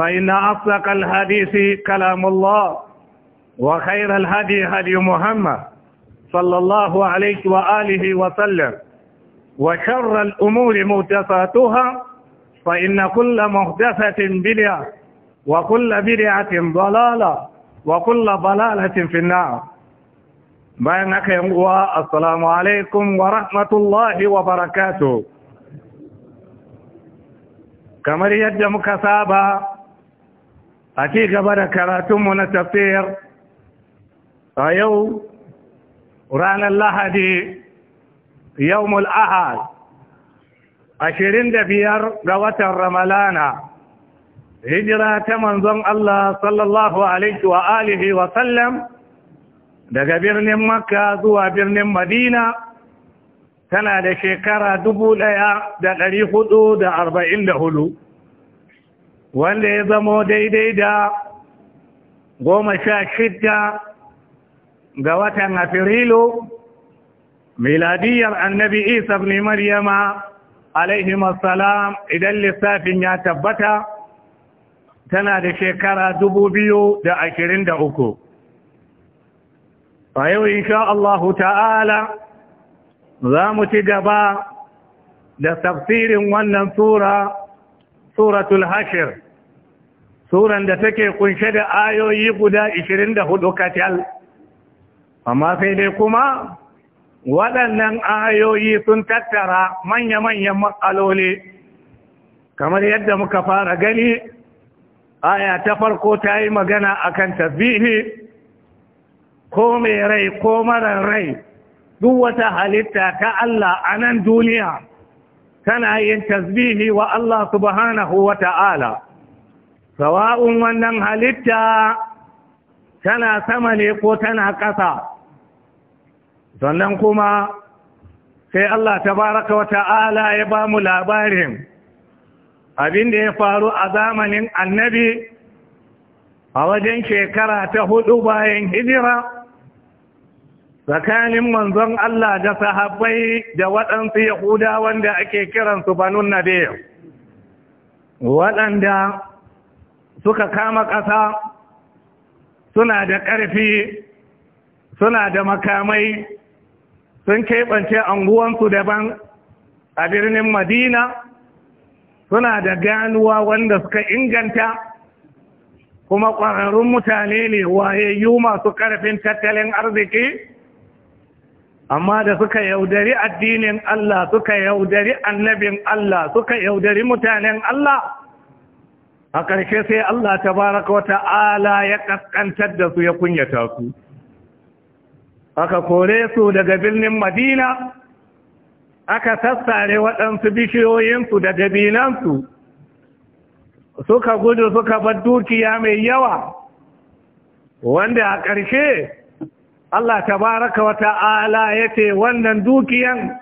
فإن أصدق الحديث كلام الله وخير الهدي هدي محمد صلى الله عليه وآله وسلم وشر الأمور مهدثاتها فإن كل مهدثة بدعة وكل بدعة ضلالة وكل ضلالة في النار بينك يقوى السلام عليكم ورحمة الله وبركاته كما يجمك سابا a ci gaba da karatunmu na tafiyar a yau ranar lahadi yau mul'ahad ashirin da biyar ga watan ramalana hijira ta manzon Allah sallallahu alaihi wa alihi wa sallam daga birnin makka zuwa birnin madina tana da shekara dubu ɗaya da ɗari hudu da arba'in da hudu wanda ya zamo daidai da goma sha shidda ga watan afirilu miladiyar annabi isa ne maryama alaihi idan lissafin ya tabbata tana da shekara dubu biyu da ashirin da uku a yau insha ta'ala za mu ci gaba da tafsirin wannan tura suratul hashir suran da take kunshe da ayoyi guda 24 katal amma sai dai kuma waɗannan ayoyi sun tattara manya-manyan matsaloli kamar yadda muka fara gani aya ta farko ta yi magana akan tasbihi ko mai rai ko marar rai duk wata halitta ta Allah a nan duniya Tana yin tasbihi wa Allah subhanahu wa ta'ala sawa'un wannan halitta tana sama ne ko tana ƙasa sannan kuma sai Allah tabaraka wa ta'ala ya ba mu labarin abin da ya faru a zamanin annabi a wajen shekara ta hudu bayan hijira tsakanin manzon Allah da sahabbai da waɗansu Yahuda wanda ake kiransu banun nadir waɗanda suka kama ƙasa suna da ƙarfi suna da makamai sun keɓance anguwansu daban a birnin madina suna da ganuwa wanda suka inganta kuma ƙwararrun mutane ne wayayyu masu ƙarfin tattalin arziki amma da suka yaudari addinin Allah suka yaudari annabin Allah suka yaudari mutanen Allah a ƙarshe sai Allah ta baraka wata ala ya ƙasƙantar da su ya kunyata su aka kore su daga birnin Madina aka sassare waɗansu bishiyoyinsu da dabinansu suka gudu suka bar dukiya mai yawa wanda a ƙarshe Allah tabaraka wa ta'ala ce wannan dukiyan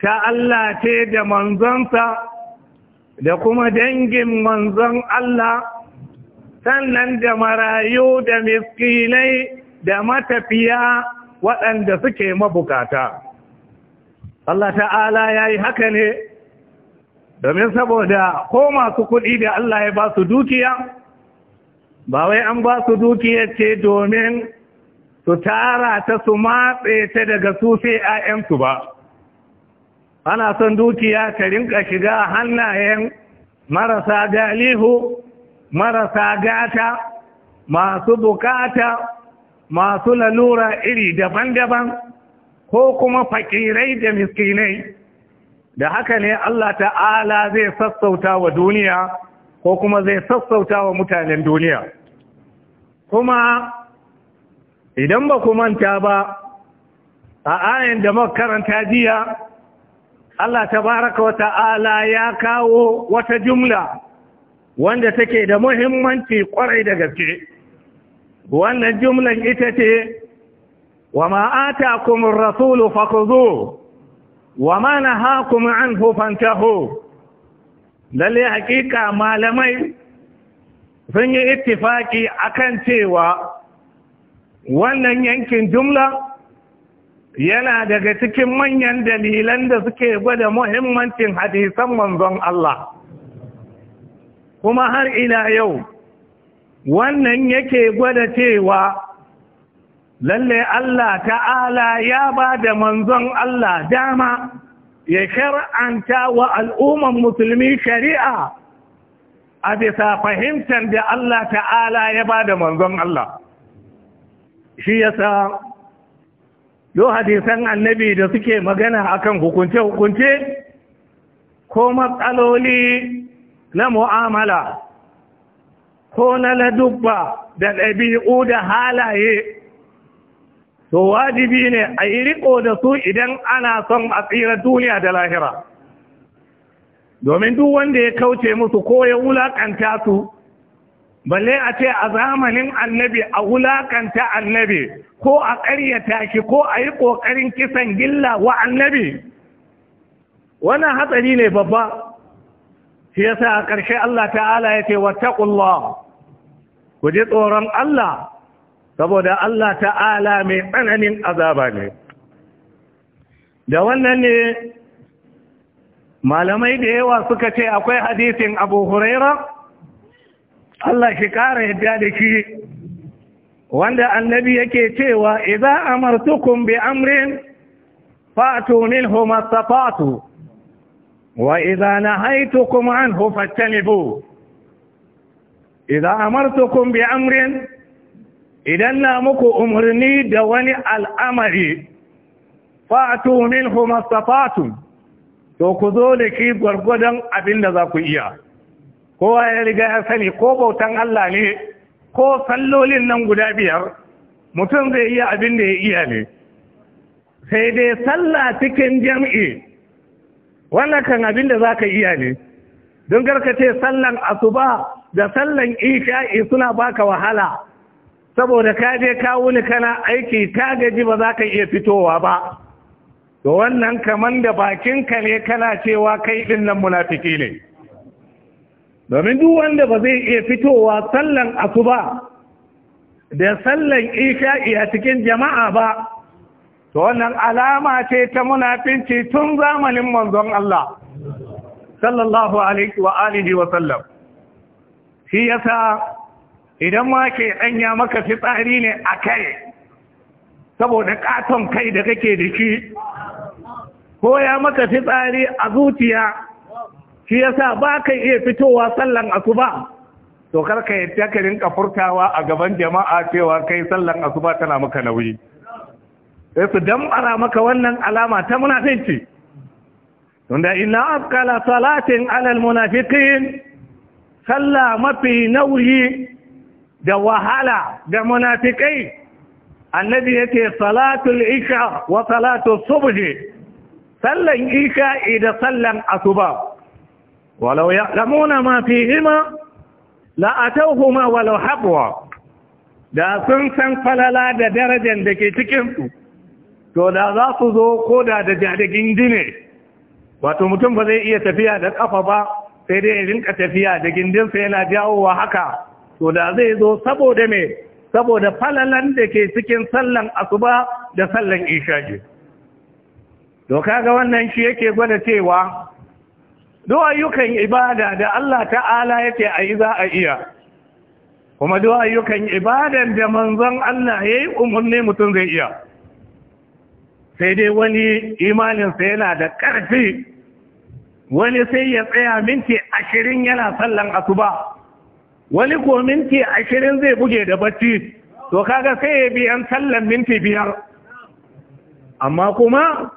ta Allah ce da manzonsa da kuma dangin manzon Allah sannan da marayu da miskinai da matafiya waɗanda suke mabukata Allah ta'ala ya yi haka ne domin saboda ko masu kuɗi da Allah ya ba su dukiya ba wai an ba su dukiya ce domin su tara ta su matse ta daga su sai 'ya'yansu ba ana son dukiya ta rinka shiga hannayen marasa galihu marasa gata masu bukata masu lalura iri daban-daban ko kuma fakirai da miskinai da haka ne Allah ta'ala zai sassauta wa duniya ko kuma zai sassauta wa mutanen duniya kuma idan ba ku manta ba a ayin da makaranta jiya Allah tabaraka wa ta'ala ya kawo wata jumla wanda take da muhimmanci kwarai da gaske wannan jumlan ita ce wa ma kuma ar-rasul wa wa ma nahakum anhu fantahu lalle hakika malamai sun yi ittifaki akan cewa wannan yankin jumla yana daga cikin manyan dalilan da suke gwada muhimmancin hadisan manzon Allah kuma har ila yau wannan yake gwada cewa lalle Allah ta'ala ya ba da manzon Allah dama ya shar'anta wa al'umman musulmi shari'a a bisa fahimtar da Allah ta'ala ya ba da manzon Allah shi yasa do hadisan annabi da suke magana akan hukunce-hukunce ko matsaloli na mu'amala ko na ladubba da ɗabi'u da halaye to wajibi ne a yi riko da su idan ana son a tsira duniya da lahira domin duk wanda ya kauce musu ko ya wulaƙanta su balle a ce a zamanin annabi a wulakanta annabi ko a ƙaryata shi ko a yi ƙoƙarin kisan gilla wa annabi wannan hatsari ne babba shi yasa a ƙarshe Allah ta'ala ya ce wattaqullah ku ji tsoron Allah saboda Allah ta'ala mai tsananin azaba ne da wannan ne malamai da yawa suka ce akwai hadisin Abu Huraira Allah shi ƙara yadda da shi wanda annabi yake cewa idza amartukum bi amrin fa'tu minhu mastata'tu wa idza nahaytukum anhu fattanibu idza amartukum bi amrin idan na muku umarni da wani al'amari fa'tu minhu mastata'tu to ku zo da ki gwargwadon abinda za ku iya kowa ya riga ya sani ko bautan Allah ne ko sallolin nan guda biyar mutum zai iya abin da ya iya ne sai dai sallah cikin jam'i wannan kan abin da za ka iya ne don garkace sallan asuba da sallan isha'i suna baka wahala saboda ka je ka wuni kana aiki ta gaji ba za ka iya fitowa ba to wannan kamar da bakinka ne kana cewa kai din nan munafiki ne domin duk wanda ba zai iya fitowa sallan asuba da sallan isha'i a cikin jama'a ba to wannan alama ce ta munafinci tun zamanin manzon Allah sallallahu alaihi wa alihi wa sallam shi yasa idan ma ke danya maka fitsari ne a kai saboda katon kai da kake da shi ko ya maka fitsari a zuciya shi yasa ba ka iya fitowa sallan asuba to karka ka yadda ka rinka furtawa a gaban jama'a cewa kai sallan asuba tana maka nauyi sai su dam'ara maka wannan alama ta munafici tunda ina afkala salatin alal munafikin salla mafi nauyi da wahala da munafikai annabi yace salatul isha wa salatul subh sallan isha da sallan asuba walau ya'lamuna ma fihima la atawhuma walau habwa da sun san falala da darajar da ke cikin su to da za su zo koda da jadagin dine wato mutum ba zai iya tafiya da ƙafa ba sai dai ya rinka tafiya da gindinsa yana jawowa haka to da zai zo saboda falalan da ke cikin sallan asuba da sallan ishaji to kaga wannan shi yake gwada cewa duk ayyukan ibada da Allah ta'ala yake yi za a iya kuma do ayyukan ibadan da manzon Allah yayi umurni mutum zai iya sai dai wani imaninsa yana da ƙarfi wani sai ya tsaya minti ashirin yana sallan asuba wani ko minti ashirin zai buge da bacci to kaga sai ya biyan sallan minti biyar amma kuma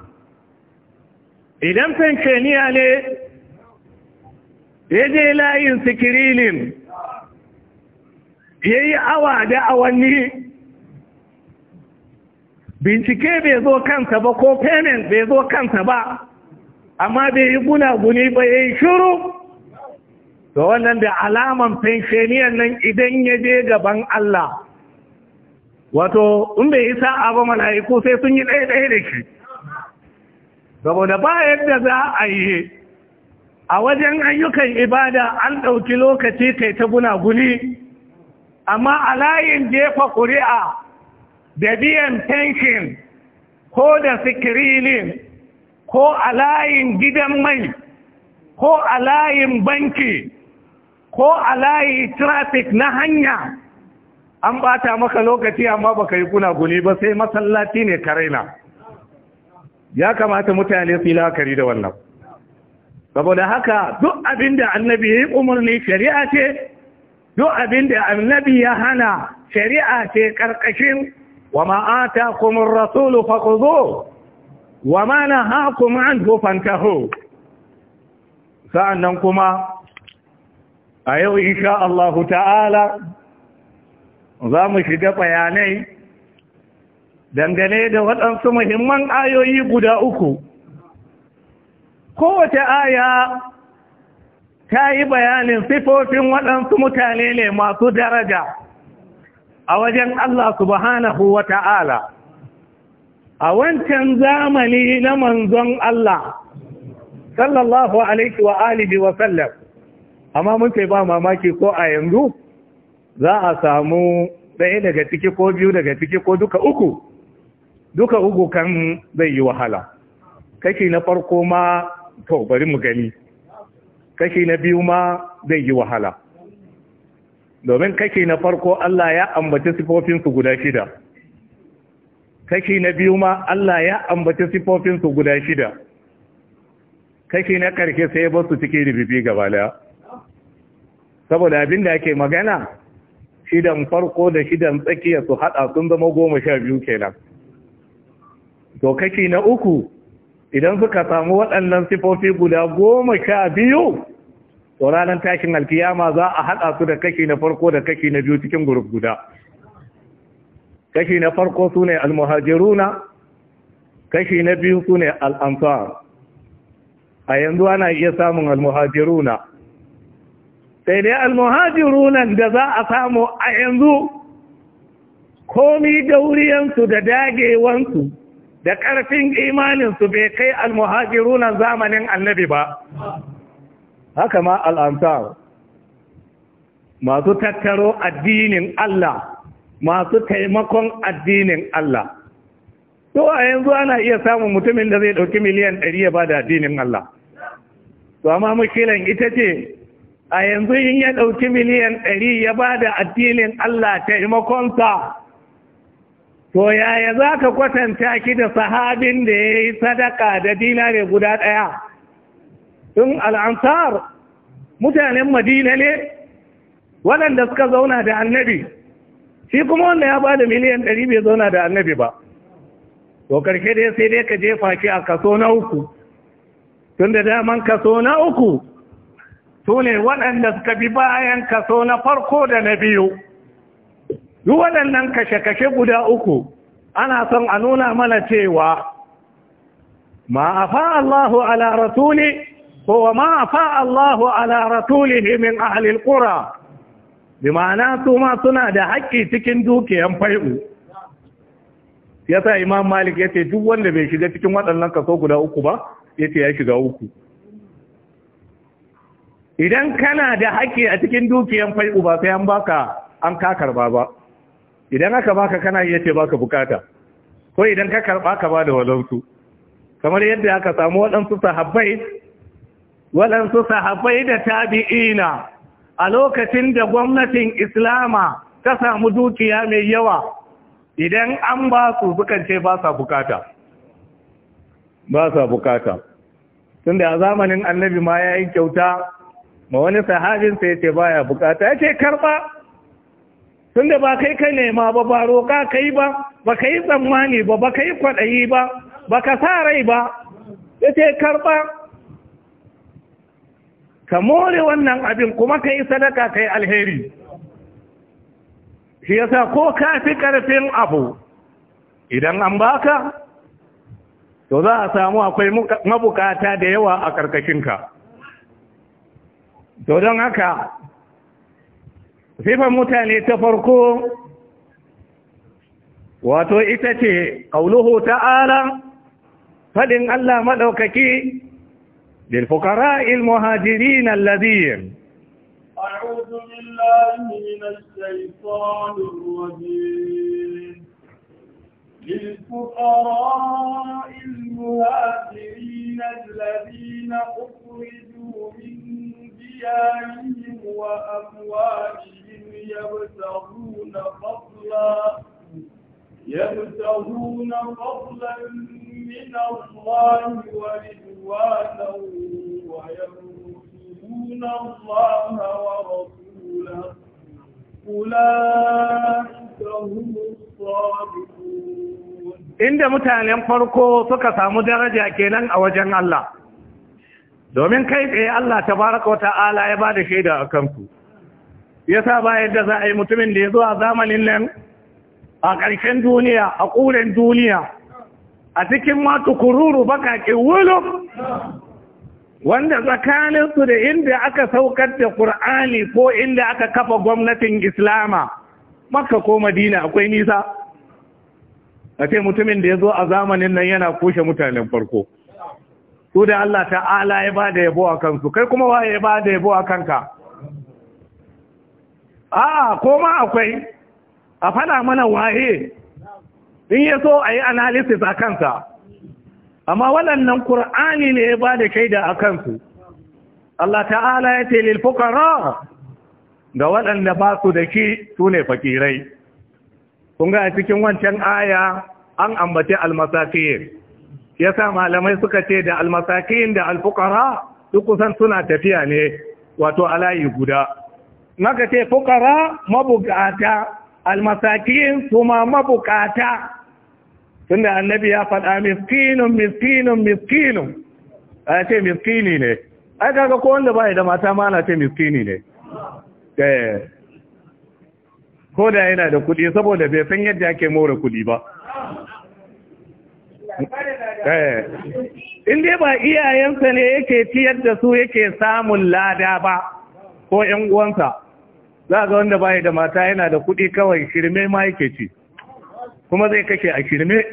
idan fenceniya ne ya je layin sikirinin ya yi awa da awanni bincike bai zo kansa ba ko payment bai zo kansa ba amma bai yi gunaguni ba ya yi shuru da wannan da alaman fensheniyan nan idan ya je gaban Allah wato in bai yi sa'a ba mala'iku sai sun yi ɗaya ɗaya da shi saboda ba yadda za a yi a wajen ayyukan ibada an ɗauki lokaci kai ta gunaguni amma a layin jefa ƙuri'a da biyan fenshin ko da sikirinin ko a layin gidan mai ko a layin banki ko a layi trafik na hanya an ɓata maka lokaci amma baka yi gunaguni ba sai masallaci ne karena ya kamata mutane su yi lakari da wannan saboda haka duk abin da annabi ya yi umarni shari'a ce duk abin da annabi ya hana shari'a ce ƙarƙashin wa ma'ata kuma rasulu faƙuzo wa ma na an tufantaho sa'an nan kuma a yau insha Allahu ta'ala za mu shiga bayanai dangane da waɗansu muhimman ayoyi guda uku kowace aya ta yi bayanin sifofin waɗansu mutane ne masu daraja a wajen Allah subhanahu wa ta'ala a wancan zamani na manzon Allah sallallahu alaihi wa alihi wa sallam amma mun ce ba mamaki ko a yanzu za a samu ɗaya daga ciki ko biyu daga ciki ko duka uku duka uku kan zai yi wahala kashi na farko ma to bari mu gani kashi na biyu ma zai yi wahala domin kashi na farko Allah ya ambaci sifofinsu guda shida kashi na biyu ma Allah ya ambaci sifofinsu guda shida kashi na karshe sai ya basu cike rububi gaba daya saboda abin da ake magana shidan farko da shidan tsakiya su hada sun zama goma sha biyu kenan to kashi na uku idan suka samu waɗannan sifofi guda goma sha biyu to ranar tashin alkiyama za a haɗa su da kashi na farko da kashi na biyu cikin guruf guda kashi na farko su ne almuhajiruna kashi na biyu su ne al'amfar a yanzu ana iya samun almuhajiruna sai dai almuhajirunan da za a samu a yanzu komi dauriyansu da dagewansu da ƙarfin imaninsu bai kai almuhajirunan zamanin annabi ba haka ma al'ansar masu tattaro addinin Allah masu taimakon addinin Allah to a yanzu ana iya samun mutumin da zai ɗauki miliyan ɗari ya ba da addinin Allah to amma mukilan ita ce a yanzu in ya ɗauki miliyan ɗari ya ba da addinin Allah taimakonsa to yaya za ka kwatanta ki da sahabin da ya yi sadaka da dinare guda ɗaya tun al'ansar mutanen madina ne waɗanda suka zauna da annabi shi kuma wanda ya ba da miliyan ɗari bai zauna da annabi ba to ƙarshe dai sai dai ka jefa ki a kaso na uku tun da daman kaso na uku su waɗanda suka bi bayan kaso na farko da na biyu duk waɗannan kashe-kashe guda uku ana son a nuna mana cewa ma Allahu ala rasuli ko ma afa Allahu ala rasulihi min ahli alqura bi ma'ana su ma suna da haƙƙi cikin dukiyan fai'u sa imam malik ya ce duk wanda bai shiga cikin waɗannan kaso guda uku ba ya ce ya shiga uku idan kana da haƙƙi a cikin dukiyan fai'u ba sai an baka an kakar ba ba idan aka baka kana iya ce baka bukata ko idan ka karba ka ba da walautu kamar yadda aka samu waɗansu sahabbai waɗansu sahabbai da tabi'ina a lokacin da gwamnatin islama ta samu dukiya mai yawa idan an ba su sukan ce ba sa bukata ba sa bukata tun da a zamanin annabi ma ya yi kyauta ma wani sahabinsa ya ce baya bukata ya ce karba tunda ba kai ka nema ba ba roƙa ka yi ba ba ka yi tsammani ba ba ka yi kwaɗayi ba ba ka sa rai ba ya ce karɓa ka more wannan abin kuma ka yi sadaka ka yi alheri shi yasa ko ka fi ƙarfin abu idan an baka to za a samu akwai mabukata da yawa a ƙarƙashinka to don haka sifar mutane ta farko wato ita ce ƙauluhu ta'ala faɗin Allah maɗaukaki bil fukara il muhajiri na lazir للفقراء المهاجرين الذين أخرجوا من ديارهم وأموالهم يبتغون فضلا يبتغون فضلا من الله ورضوانا وينصرون الله ورسوله أولئك هم الصادقون inda mutanen farko suka samu daraja kenan a wajen Allah domin kai tsaye Allah baraka wa ta'ala ya ba da shaida a kanku ya sa ba yadda za a yi mutumin da ya zo a zamanin nan a ƙarshen duniya a ƙuren duniya a cikin matu kururu baƙaƙe wuluf wanda tsakaninsu da inda aka saukar da ƙur'ani ko inda aka kafa gwamnatin islama makka ko madina akwai nisa a ce mutumin da ya zo a zamanin nan yana kushe mutanen farko su da Allah ta'ala ya ba da yabo a kansu kai kuma waye ya ba da yabo a kanka a'a ko ma akwai a fada mana waye in ya so a yi analysis a kansa amma waɗannan ƙur'ani ne ya ba da shaida a kansu Allah ta'ala ya ce lilfukara ga waɗanda ba su da shi su ne fakirai kun ga cikin wancan aya an ambace almasakiyin ya sa malamai suka ce da almasakiyin da alfukara duk kusan suna tafiya ne wato alayi guda maka ce fukara mabukata almasakin kuma mabukata tunda annabi ya faɗa miskinun miskinun miskinun a ce miskini ne ai kaga ko wanda bai da mata ma na ce miskini ne eh ko da yana da kudi saboda bai san yadda ake more kudi ba eh. in dai ba iyayensa ne yake ciyar da su yake samun lada ba ko ‘yan uwansa za ga wanda baya da mata yana da kuɗi kawai shirme ma yake ci kuma zai kake a shirme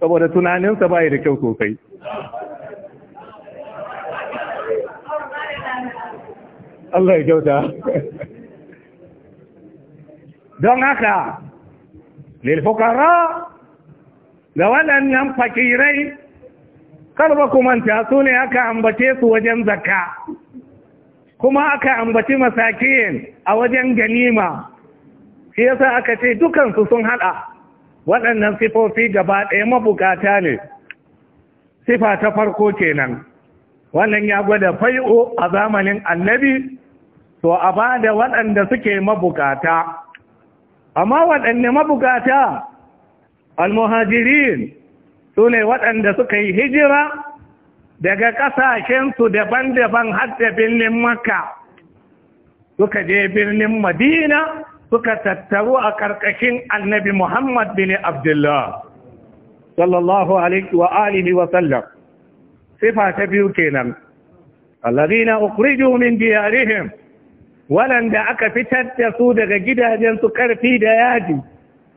saboda tunaninsa baya da kyau sosai Allah ya kyauta don haka lilfukara ga waɗannan fakirai karba manta su ne aka ambace su wajen zakka kuma aka ambaci masakin a wajen ganima shi yasa aka ce dukansu sun hada waɗannan sifofi gaba ɗaya mabukata ne sifa ta farko kenan wannan ya gwada fai'o a zamanin annabi to a ba da waɗanda suke mabukata amma waɗanne mabukata almuhajirin su ne waɗanda suka yi hijira daga ƙasashensu daban-daban har da birnin makka suka je birnin madina suka tattaru a ƙarƙashin annabi muhammad bin abdullah sallallahu alaihi wa alihi wa sallam sifa ta biyu kenan alladhina ukhriju min diyarihim walanda aka fitar da su daga gidajensu karfi da yaji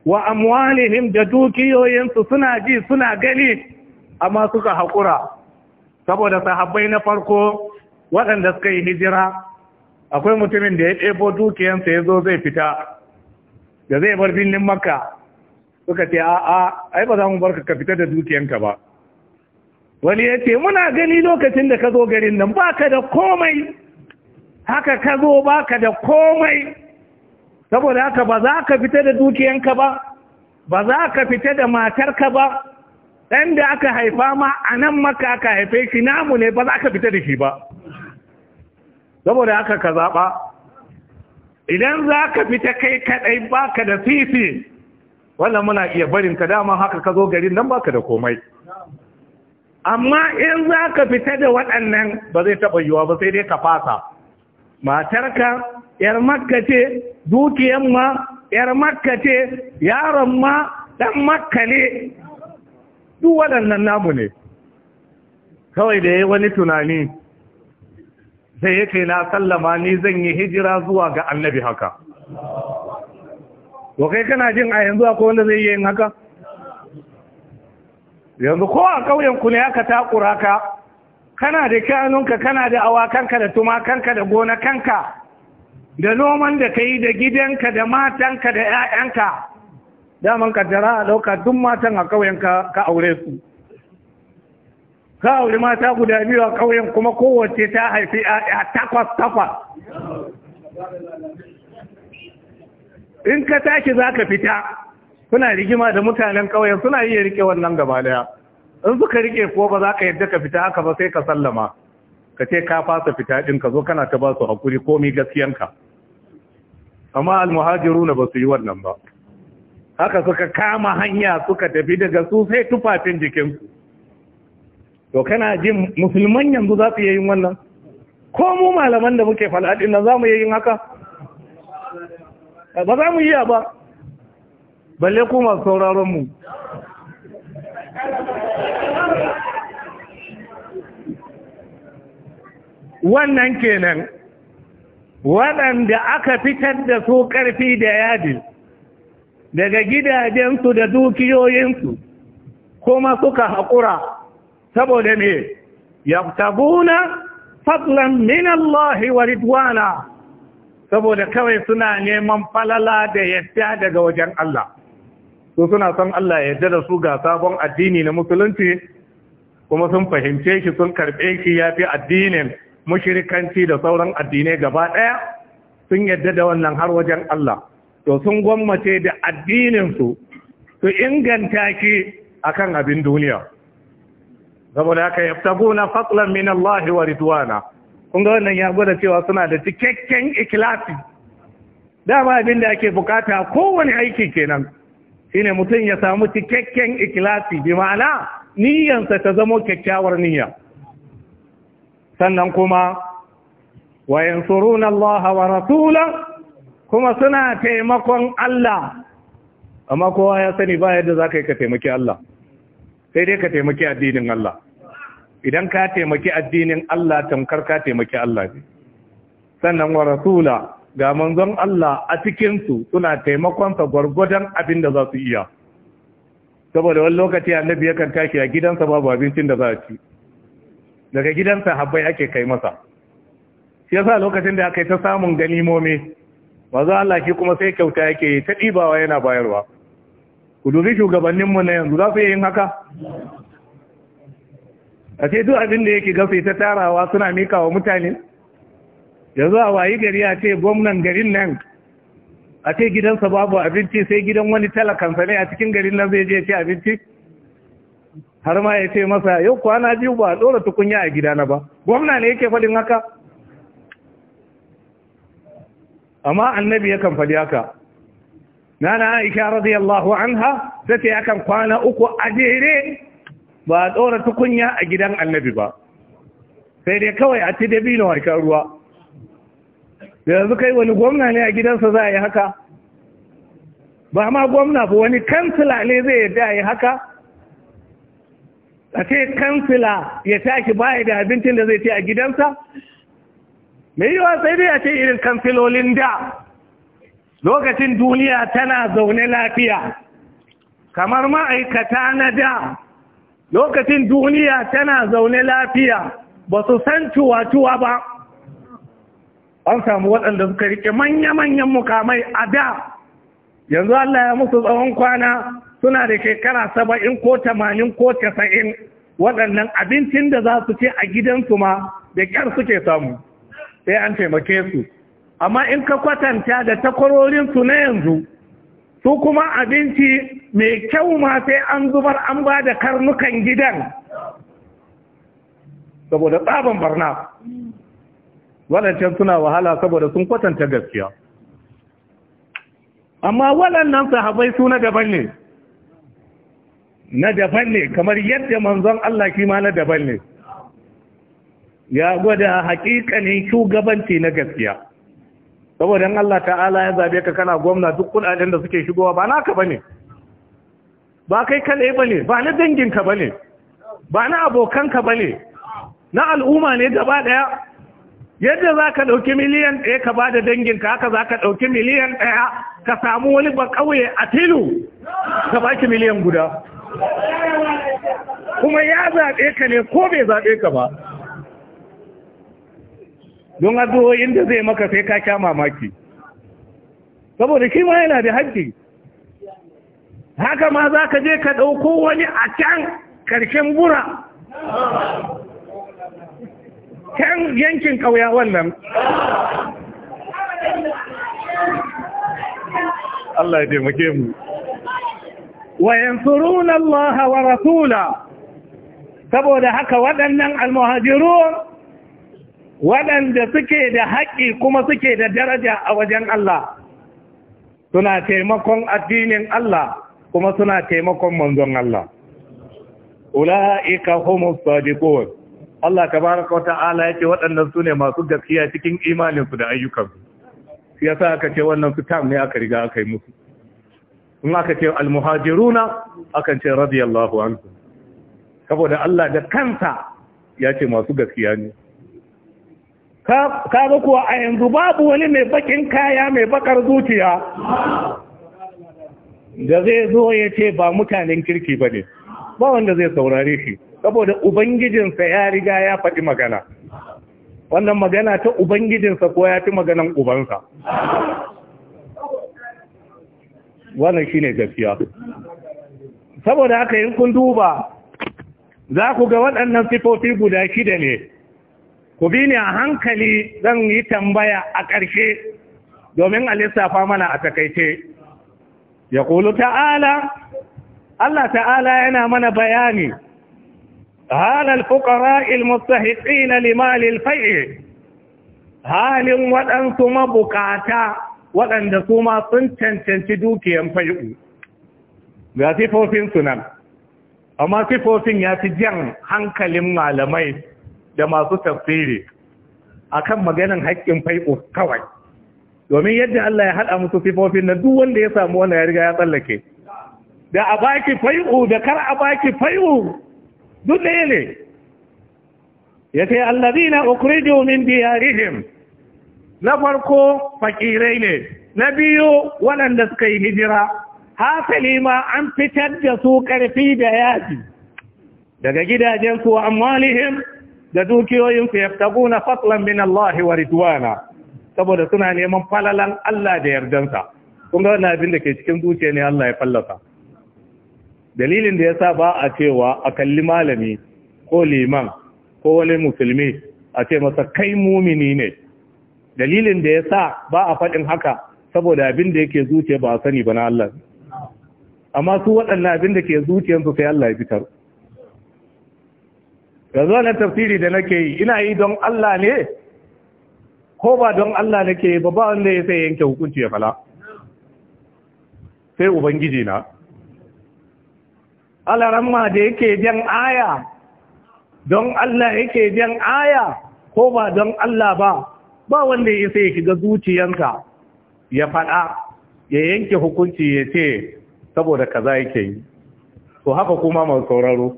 wa amwalihim da dukiyoyinsu suna ji suna gani amma suka haƙura saboda sahabbai na farko waɗanda suka yi hijira akwai mutumin da ya ɗebo dukiyansa ya zo zai fita da zai bar birnin makka suka ce a'a ai ba za mu barka ka fita da dukiyanka ba wani ya ce muna gani lokacin da ka zo garin nan ba ka da komai haka ka zo ba ka da komai saboda haka ba za ka fita da dukiyanka ba ba za ka fita da matarka ba ɗan da aka haifa ma a nan maka aka haife shi namu ne ba za ka fita da shi ba saboda aka ka zaɓa idan za ka fita kai kaɗai ba ka da fifi wannan muna iya barin ka dama haka ka zo garin nan ba ka da komai amma in za ka fita da waɗannan ba zai taɓa yiwa ba sai dai ka fasa matarka ‘yar makka ce dukiyan ma ‘yar makka ce yaron ma ɗan makka ne duk waɗannan namu ne kawai da ya wani tunani sai ya ce na sallama ni zan yi hijira zuwa ga annabi haka to kai kana jin a yanzu akwai wanda zai yi yin haka yanzu ko a ƙauyen ku ne aka takura ka kana da kyanunka kana da awakanka da tumakanka da gonakanka da noman da ka yi da gidanka da matanka da 'ya'yanka daman kaddara a ɗauka duk matan a ƙauyen ka aure su ka aure mata guda biyu a ƙauyen kuma kowace ta haifi a takwas takwas in ka tashi za ka fita suna rigima da mutanen ƙauyen suna iya rike wannan gaba daya in suka rike ko ba za ka yadda ka fita haka ba sai ka sallama ka ce ka fasa fita ɗin ka zo kana ta ba su haƙuri komi gaskiyanka amma almuhajiru na ba su yi wannan ba haka suka kama hanya suka tafi daga su sai tufafin jikinsu to kana jin musulman yanzu za su yayin wannan ko mu malaman da muke faladin nan za mu yayin haka ba za mu yi ba balle ku masu sauraronmu wannan kenan waɗanda aka fitar da su ƙarfi da yadi daga gidajensu da dukiyoyinsu kuma suka haƙura saboda ne yabtaguna fadlan min Allah wa ridwana saboda kawai suna neman falala da yadda daga wajen Allah su suna son Allah yadda da su ga sabon addini na musulunci kuma sun fahimce shi sun karɓe shi ya fi addinin mushirikanci da sauran addinai gaba ɗaya sun yadda da wannan har wajen Allah to sun gwammace da addininsu su inganta ki kan abin duniya saboda haka na fatsalar min Allah wa ridwana kun ga wannan ya gwada cewa suna da cikakken ikhlasi dama abin da ake bukata kowane aiki kenan Shi ne mutum ya samu cikakken ikhlasi bi ma'ana niyyansa ta zamo kyakkyawar niyya sannan kuma wa yansuruna Allah wa rasulahu kuma suna taimakon Allah amma kowa ya sani ba yadda za ka yi ka taimaki Allah sai dai ka taimaki addinin Allah idan ka taimaki addinin Allah tamkar ka taimaki Allah ne sannan wa rasula ga manzon Allah a cikinsu suna taimakonsa gwargwadon abin da za su iya saboda wani lokaci annabi yakan tashi a gidansa babu abincin da za a ci daga gidansa habbai ake kai masa shi yasa lokacin da aka yi ta samun ganimomi Maza Allah shi kuma sai kyauta yake ta ɗibawa yana bayarwa ku dubi shugabanninmu na yanzu za su yin haka a ce duk abin da yake gafe ta tarawa suna mika wa mutane yanzu a wayi gari a ce gwamnan garin nan a ce gidansa babu abinci sai gidan wani talakansa ne a cikin garin nan zai je ce abinci har ma ya ce masa yau kwana biyu ba a ɗora tukunya a gida na ba gwamna ne yake faɗin haka amma annabi yakan faɗi haka na na aisha radiyallahu anha sai ce yakan kwana uku a jere ba a ɗora tukunya a gidan annabi ba sai dai kawai a ci dabino a kan ruwa da yanzu kai wani gwamna ne a gidansa za a yi haka ba ma gwamna ba wani kansila ne zai yadda a yi haka a ce kansila ya tashi baya da abincin da zai ce a gidansa mai yiwa sai dai a ce irin kansilolin da lokacin duniya tana zaune lafiya kamar ma'aikata na da lokacin duniya tana zaune lafiya ba su san cuwa-cuwa ba an samu waɗanda suka rike manya-manyan mukamai a da yanzu Allah ya musu tsawon kwana suna da shekara saba'in ko tamanin ko casa'in waɗannan abincin da za su ce a gidansu ma da ƙyar suke samu sai an taimake su amma in ka kwatanta da takwarorin su na yanzu su kuma abinci mai kyau ma sai an zubar an ba da karnukan gidan saboda tsaban barna wadancan suna wahala saboda sun kwatanta gaskiya amma waɗannan sahabai su na daban ne na daban ne kamar yadda manzon Allah kima na daban ne ya gwada hakikanin shugabanci na gaskiya saboda Allah ta'ala ya zabe ka kana gwamna duk kudaden da suke shigowa ba naka bane ba kai kale bane ba na danginka bane ba na abokanka bane na al'umma ne gaba daya yadda zaka ka ɗauki miliyan ɗaya ka ba da danginka haka za ka miliyan ɗaya ka samu wani ba ƙauye a tilu ka ba miliyan guda kuma ya zabe ka ne ko bai zaɓe ka ba don addu'o'in inda zai maka sai ka sha mamaki saboda shi ma yana da haƙƙi haka ma za ka je ka ɗauko wani a can ƙarshen bura can yankin ƙauya wannan Allah ya taimake mu wa Allah wa rasula saboda haka waɗannan almuhajirun waɗanda suke da haƙƙi kuma suke da daraja a wajen Allah suna taimakon addinin Allah kuma suna taimakon manzon Allah ula'ika humus sadiqun Allah tabaraka wa ta'ala yake waɗannan su ne masu gaskiya cikin imaninsu da ayyukansu shi yasa aka ce wannan su tam ne aka riga aka yi musu in aka ce almuhajiruna akan ce radiyallahu anhu saboda Allah da kansa ya ce masu gaskiya ne kaga kuwa a yanzu babu wani mai bakin kaya mai bakar zuciya da zai zo ya ce ba mutanen kirki ba ne ba wanda zai saurare shi saboda ubangijinsa ya riga ya faɗi magana wannan magana ta ubangijinsa ko ya fi maganan ubansa wannan shi ne gafiya. saboda haka yin kun duba za ku ga waɗannan sifofi guda shida ne ku bi ni a hankali zan yi tambaya a ƙarshe domin a lissafa mana a takaice ya ƙulu ta'ala Allah ta'ala yana mana bayani halal fukara ilmustahiƙi na limalil fa'i halin waɗansu mabukata waɗanda su ma sun cancanci dukiyan fai'u ga sifofinsu nan amma sifofin ya fi jan hankalin malamai da masu tafsiri akan maganar haƙƙin fai'u kawai domin yadda Allah ya haɗa musu sifofin na duk wanda ya samu wannan ya riga ya tsallake da a baki fai'u da kar a baki fai'u duk da ne ya ce allazina ukhrijo min diyarihim na farko fakirai ne na biyu waɗanda suka yi hijira hasali ma an fitar da su ƙarfi da yaji daga gidajensu wa amwalihim da dukiyoyinku yaftaguna fadlan min Allah wa ridwana saboda suna neman falalan Allah da yardansa kun ga wannan abin da ke cikin zuciya ne Allah ya fallasa dalilin da yasa ba a cewa a kalli malami ko liman ko wani musulmi a ce masa kai mumini ne dalilin da yasa ba a faɗin haka saboda abin da yake zuciya ba a sani ba na Allah amma su waɗannan abin da ke zuciyarsu sai Allah ya fitar yanzu wannan tafsiri da nake yi ina yi don Allah ne ko ba don Allah nake yi ba ba wanda ya sai yanke hukunci ya fala sai ubangiji na alaramma da yake jan aya don Allah yake jan aya ko ba don Allah ba ba wanda ya sai shiga zuciyanka ya fada ya yanke hukunci ya ce saboda kaza yake yi to haka kuma mai sauraro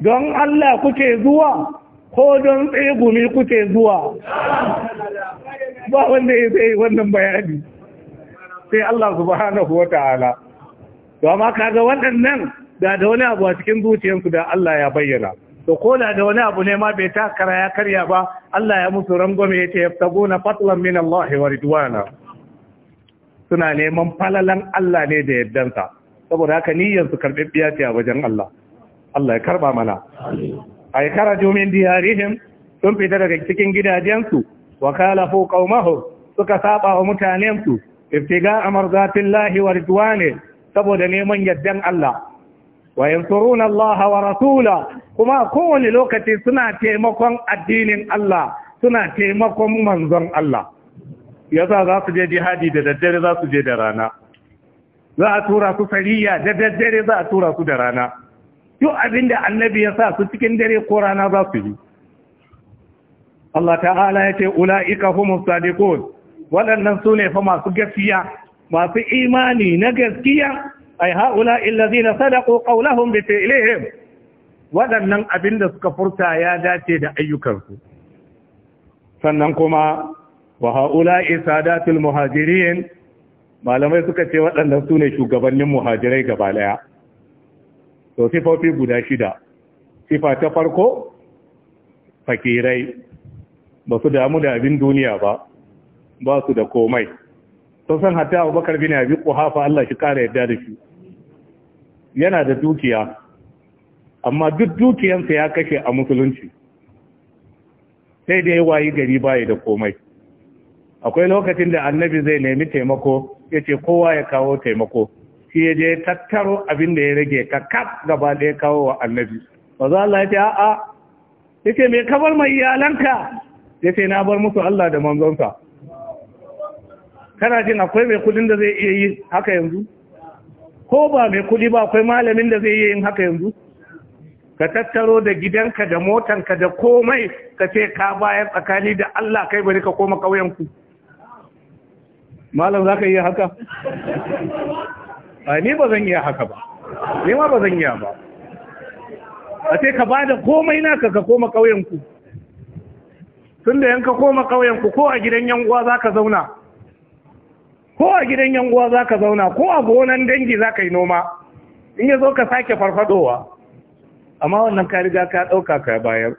don Allah kuke zuwa ko don tsegumi kuke zuwa ba wanda ya zai wannan bayani sai Allah subhanahu wa ta'ala to amma kaga waɗannan da da wani abu a cikin zuciyarsu da Allah ya bayyana to ko da da wani abu ne ma bai takara ya karya ba Allah ya musu rangwame ya ce na fatlan min Allah wa ridwana suna neman falalan Allah ne da yaddansa saboda haka niyyar su karɓi biya ce a wajen Allah Allah ya karba mana ay karaju min diyarihim sun fita daga cikin gidajensu wakala kalafu suka saba wa mutanensu ibtiga lahiwar wa ne, saboda neman yaddan Allah wa surun Allah wa rasula kuma kowane lokaci suna taimakon addinin Allah suna taimakon manzon Allah yasa za su je jihadi da daddare za su je da rana za a tura su sariya da daddare za a tura su da rana yau abin da annabi ya sa su cikin dare ko rana za su yi Allah ta'ala ya ce ula'ika humus sadiqun waɗannan su ne fa masu gaskiya masu imani na gaskiya ai haula illazina sadaqu qawlahum bi fi'lihim waɗannan abin da suka furta ya dace da ayyukansu sannan kuma wa haula isadatul muhajirin malamai suka ce waɗannan su ne shugabannin muhajirai gaba ɗaya to sifofi guda shida sifa ta farko fakirai ba su damu da abin duniya ba ba su da komai sun san hatta abubakar bin abi kuhafa Allah shi kara yadda da shi yana da dukiya amma duk dukiyansa ya kashe a musulunci sai da ya wayi gari baya da komai akwai lokacin da annabi zai nemi taimako ya ce kowa ya kawo taimako shi ya je tattaro abin da ya rage ka kaf gaba ɗaya kawo wa annabi ba za Allah ya ce a'a ya ce mai kabar mai iyalanka ya ce na bar musu Allah da manzonsa kana jin akwai mai kudin da zai iya yi haka yanzu ko ba mai kudi ba akwai malamin da zai iya yin haka yanzu ka tattaro da gidanka da motanka da komai ka ce ka bayan tsakani da Allah kai bari ka koma ƙauyenku malam za ka yi haka a ni ba zan iya haka ba ni ma ba zan iya ba a ce ka bada komai naka ka koma ƙauyenku tun da yanka koma ƙauyenku ko a gidan yanguwa za ka zauna ko a gidan yanguwa za ka zauna ko a gonan dangi za ka yi noma in ya zo ka sake farfadowa amma wannan ka riga ka ɗauka ka bayar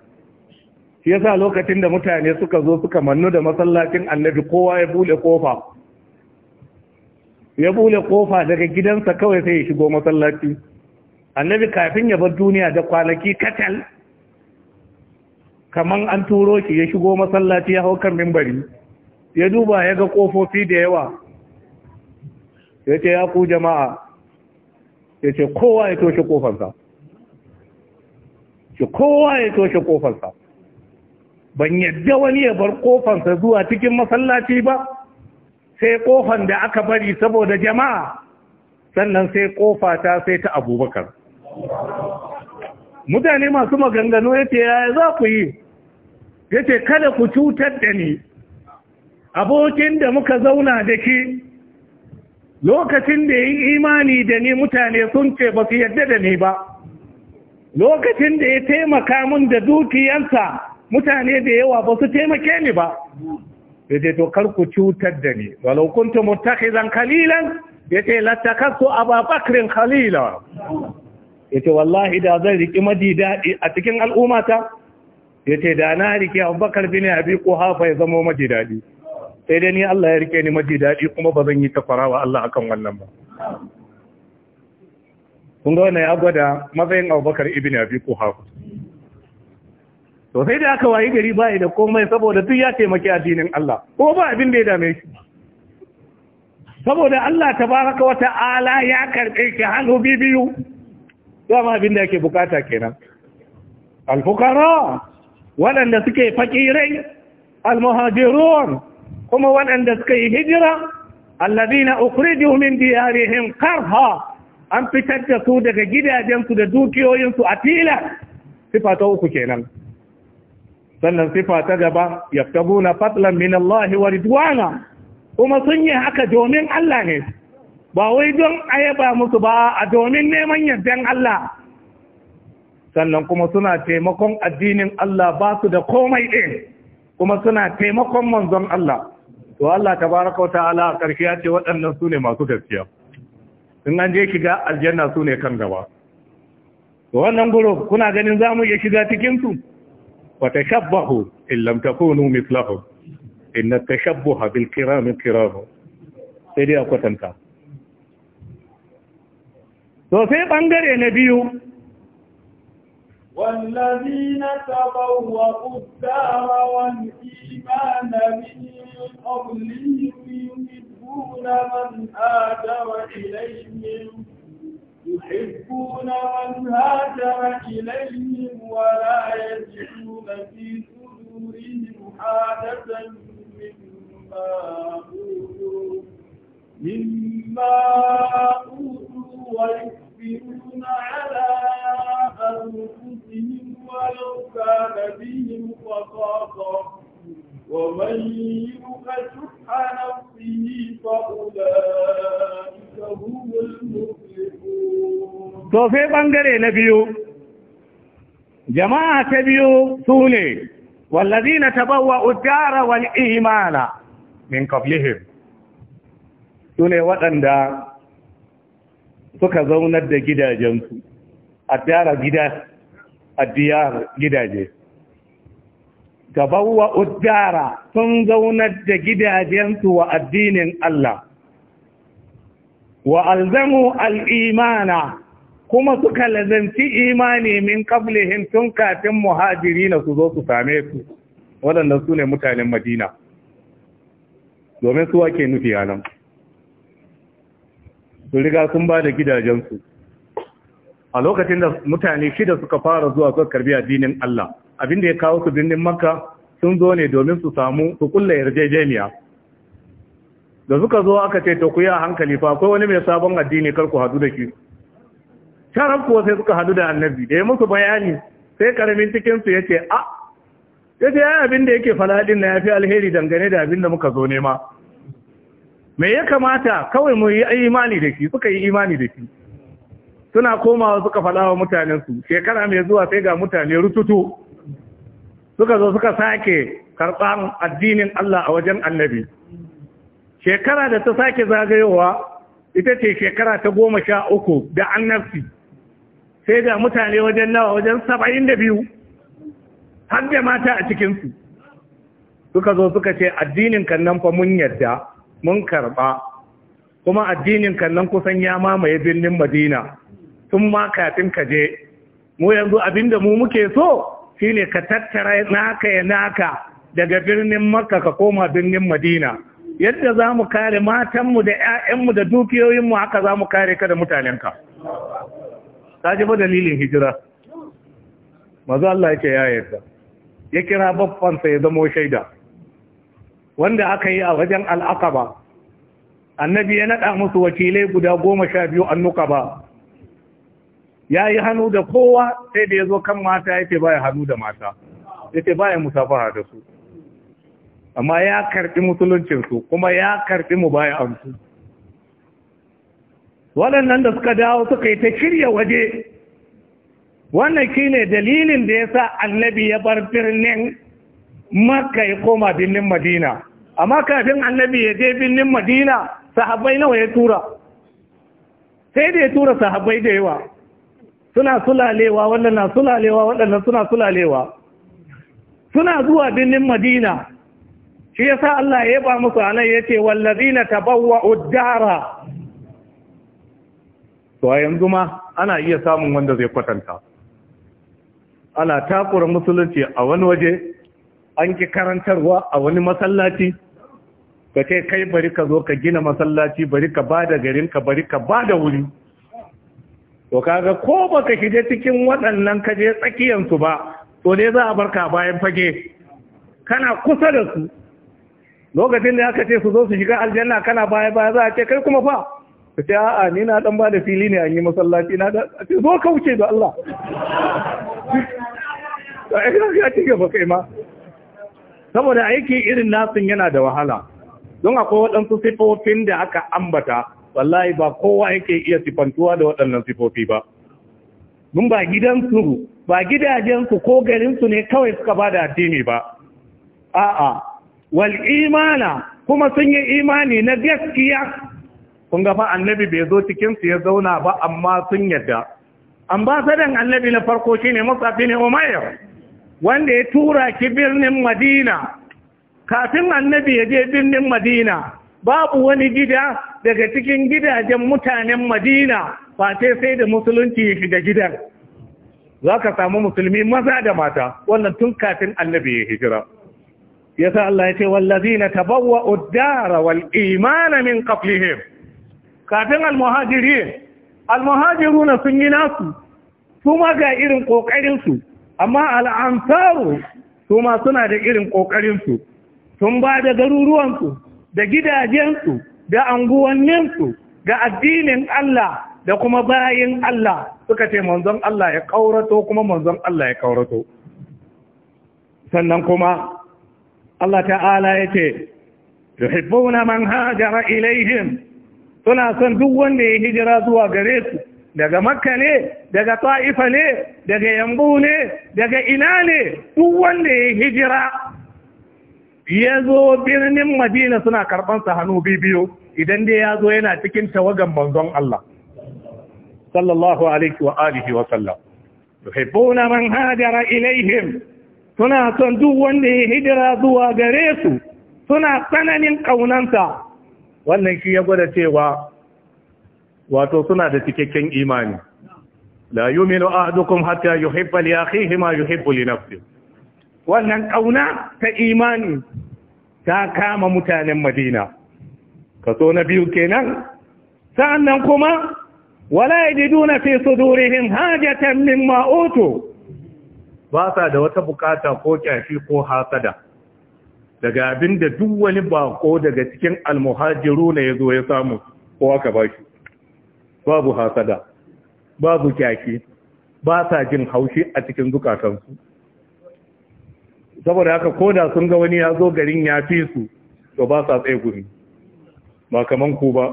shi yasa lokacin da mutane suka zo suka mannu da masallacin annabi kowa ya bude kofa ya bule kofa daga gidansa kawai sai ya shigo masallaci annabi kafin ya bar duniya da kwanaki katal kaman an turo shi ya shigo masallaci ya hau kan mimbari ya duba ya ga kofofi da yawa ya ce ya ku jama'a ya ce kowa ya toshe kofansa ce kowa ya toshe kofansa ban yadda wani ya bar kofansa zuwa cikin masallaci ba sai kofan da aka bari saboda jama'a sannan sai kofa ta sai ta abubakar mutane masu maganganu ya ce yaya za ku yi ya ce kada ku cutar da ni abokin da muka zauna da ke. lokacin da ya yi imani da ni mutane sun ce ba su yadda da ni ba lokacin da ya taimaka mun da dukiyansa mutane da yawa ba su taimake ni ba yace to kar ku cutar da ni walau kuntum muttakhizan qalilan yace latakattu aba bakrin khalila yace wallahi da zan riki madidadi a cikin al'ummata yace da na riki Abu bin Abi Quhafa ya zama madidadi sai dai ni Allah ya rike ni madidadi kuma ba zan yi takwarawa Allah akan wannan ba kun ga wannan ya gwada matsayin Abu Bakr ibn Abi Quhafa to sai da aka wayi gari ba da komai saboda duk ya taimaki addinin Allah ko ba abin da ya dame shi saboda Allah tabaraka wa ta'ala ya karbe ki hannu bibiyu dama abin da yake bukata kenan al-fuqara waɗanda suke fakirai al-muhajirun kuma waɗanda suka yi hijira alladina ukridomin min diyarihim qarha an fitar da su daga gidajensu da dukiyoyinsu a tilas sifa uku kenan sannan sifa ta gaba na fatlan min Allah wa ridwana kuma sun yi haka domin Allah ne ba wai don ayaba musu ba a domin neman yardan Allah sannan kuma suna taimakon addinin Allah ba su da komai ɗin kuma suna taimakon manzon Allah to Allah baraka wa ta'ala a ya ce waɗannan su ne masu gaskiya in an je shiga aljanna su ne kan gaba to wannan guro kuna ganin zamu iya shiga cikin su وتشبهوا إن لم تكونوا مثلهم إن التشبه بالكرام كرام سيدي أكوتنكا to sai bangare na biyu والذين تبوأوا الدار والإيمان من قبلهم يحبون من آدر إليهم يحبون من هاجر إليهم ولا يجدون في صدورهم حاجة مما أوتوا مما أوتوا ويكبرون على أنفسهم ولو كان بهم خصاصة ومن يوق شح نفسه فأولئك to sai bangare na biyu jama'a ta biyu su ne wallazi na tabawa udara wani imana min qablihim su ne waɗanda suka zaunar da gidajensu a gida addiyar gidaje gabawa udara sun zaunar da gidajensu wa addinin Allah wa alzamu al'imana kuma suka lazanci imani min qablihim tun kafin muhajiri na su zo su same su waɗannan su ne mutanen madina domin su wake nufi a nan su riga sun ba da gidajensu a lokacin da mutane shida suka fara zuwa suka karbi addinin Allah abinda ya kawo su birnin makka sun zo ne domin su samu su kulla yarjejeniya da suka zo aka ce to ku yi a hankali fa akwai wani mai sabon addini kar ku hadu da shi sharan kuwa sai suka hadu da annabi da ya musu bayani sai karamin cikinsu ya ce a ya ce ya abin da yake faladin na ya fi alheri dangane da abin da muka zo nema me ya kamata kawai mu yi imani da shi suka yi imani da shi suna komawa suka falawa mutanensu shekara mai zuwa sai ga mutane rututu suka zo suka sake karɓar addinin Allah a wajen annabi shekara da ta sake zagayowa ita ce shekara ta goma sha uku da annabci sai da mutane wajen nawa wajen saba'in da biyu har da mata a cikinsu suka zo suka ce addinin kannan fa mun yarda mun karba kuma addinin kannan kusan ya mamaye birnin madina tun ma kafin ka je mu yanzu abinda mu muke so shine ka tattara naka ya naka daga birnin makka ka koma birnin madina yadda za mu kare matanmu da 'ya'yanmu da dukiyoyinmu haka za mu kare ka da mutanenka ta ji dalilin hijira Mazu Allah yake ya yarda ya kira babbansa ya zamo shaida wanda aka yi a wajen ba. annabi ya naɗa musu wakilai guda goma sha biyu annuka ba ya yi hannu da kowa sai da ya zo kan mata ya ce ya hannu da mata ya ce ya musafaha da su amma ya karɓi musuluncinsu kuma ya karɓi mu baya amsu waɗannan da suka dawo suka yi ta shirya waje wannan shine dalilin da ya sa annabi ya bar birnin maka ya koma birnin madina amma kafin annabi ya je birnin madina sahabbai nawa ya tura sai da ya tura sahabbai da yawa suna sulalewa waɗannan sulalewa waɗannan suna sulalewa suna zuwa birnin madina shi ya sa Allah ya ba musu anan ce wallazina tabawwa'u dara to yanzu ma ana iya samun wanda zai kwatanta ana takura musulunci a wani waje an ki karantarwa a wani masallaci ka ce kai bari ka zo ka gina masallaci bari ka ba da ka bari ka ba da wuri to kaga ko baka shige cikin waɗannan kaje tsakiyansu ba to ne za a barka bayan fage kana kusa da su lokacin da aka ce su zo su shiga aljanna kana baya baya za a ce kai kuma fa ka ce a'a ni na dan ba fili ne an yi masallaci na da ce zo kauce da Allah sai ka ci gaba kai ma saboda aiki irin nasin yana da wahala don akwai waɗansu sifofin da aka ambata wallahi ba kowa yake iya sifantuwa da waɗannan sifofi ba mun ba gidansu ba gidajensu ko garinsu ne kawai suka ba da addini ba a'a wal imana kuma sun yi imani na gaskiya kun ga fa annabi bai zo cikinsu ya zauna ba amma sun yadda ambasadan annabi na farko shine Mus'ab bin Umayr wanda ya tura ki birnin Madina kafin annabi ya je birnin Madina babu wani gida daga cikin gidajen mutanen Madina face sai da musulunci ya shiga gidan za ka samu musulmi maza da mata wannan tun kafin annabi ya hijira yasa Allah ya ce wallazina tabawwa'u ad-dara wal imana min qablihim kafin almuhajiri na sun yi nasu su ma ga irin ƙoƙarinsu amma al'ansaru su ma suna da irin ƙoƙarinsu sun ba da garuruwansu da gidajensu da anguwanninsu ga addinin Allah da kuma bayin Allah suka ce manzon Allah ya ƙaurato kuma manzon Allah ya ƙaurato sannan kuma Allah ta'ala ya ce yuhibbuna man hajara ilaihim suna son duk wanda ya hijira zuwa gare su daga makka ne daga ta'ifa ne daga yambu ne daga ina ne duk wanda ya hijira ya zo birnin madina suna sa hannu bibiyo idan dai ya zo yana cikin tawagan manzon Allah sallallahu alaihi wa alihi wa sallam yuhibbuna man hajara ilaihim suna son duk wanda ya hijira zuwa gare su suna tsananin kaunansa wannan shi ya gwada cewa wato suna da cikakken imani la yu'minu ahadukum hatta yuhibba li akhihi ma yuhibbu li nafsihi wannan kauna ta imani ta kama mutanen Madina kaso na biyu kenan sannan kuma wala yajiduna fi sudurihim hajatan mimma utu ba sa da wata bukata ko kyashi ko hasada daga abin da duk wani bako daga cikin almuhajiru ne ya zo ya samu ko aka ba shi babu hasada babu kyaki ba sa jin haushi a cikin zukatansu saboda haka koda sun ga wani ya zo garin ya fi su to ba sa tsaye guri ba kaman ku ba